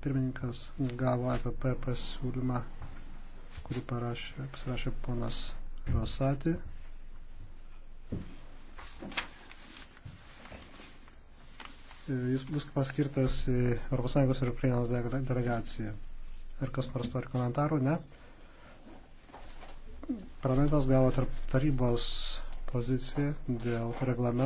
pirmininkas gavo APP e pasiūlymą, kurį parašė, pasirašė ponas Rosati. E, jis bus paskirtas į ES ir Ukrainos delegaciją. Ar kas nors turi komentarų? Ne. Parlamentas gavo tarp tarybos poziciją dėl reglamento.